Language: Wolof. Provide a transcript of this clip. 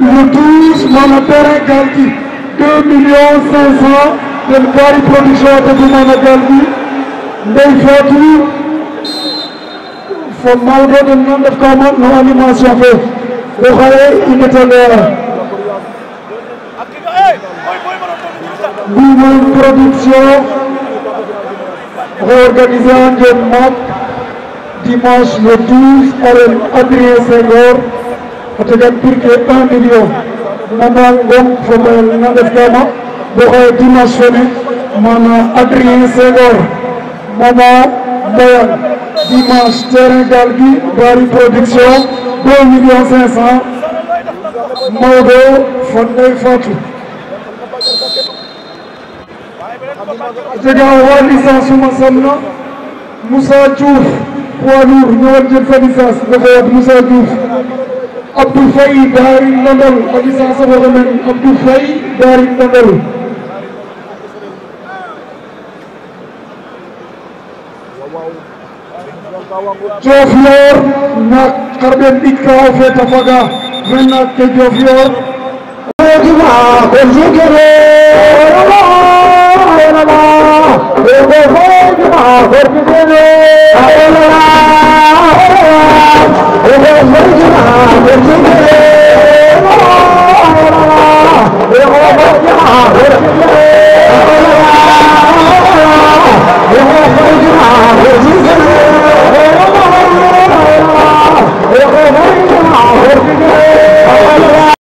le 12 Mama Terrain Galgui 2 millions 500 ten Kaari Production tagi Mama Galgui Ndeye Fatou fo Maodo den nan ndef ka moƴ no animation fe bo xaye i ndeta leera Mboye Production oxey organiser a dimanche le 12 arène Adrien Senghor hotoɗen piirke 1 million mama gon fomo naɗefkama bo xaye dimanche fene mana adrien segor mama mbayan dimanche terrain gal gi bari production 2 million 500 mawɗo fonnay fatou a jega oxa licence uma somna moussa diouf jeg fa licence refo wad moussa Abdou Faye Daari Ndondol ma gis naa sama remède Abdou Faye Daari Ndondol. Diofior na xarben ɗik ka Yeah.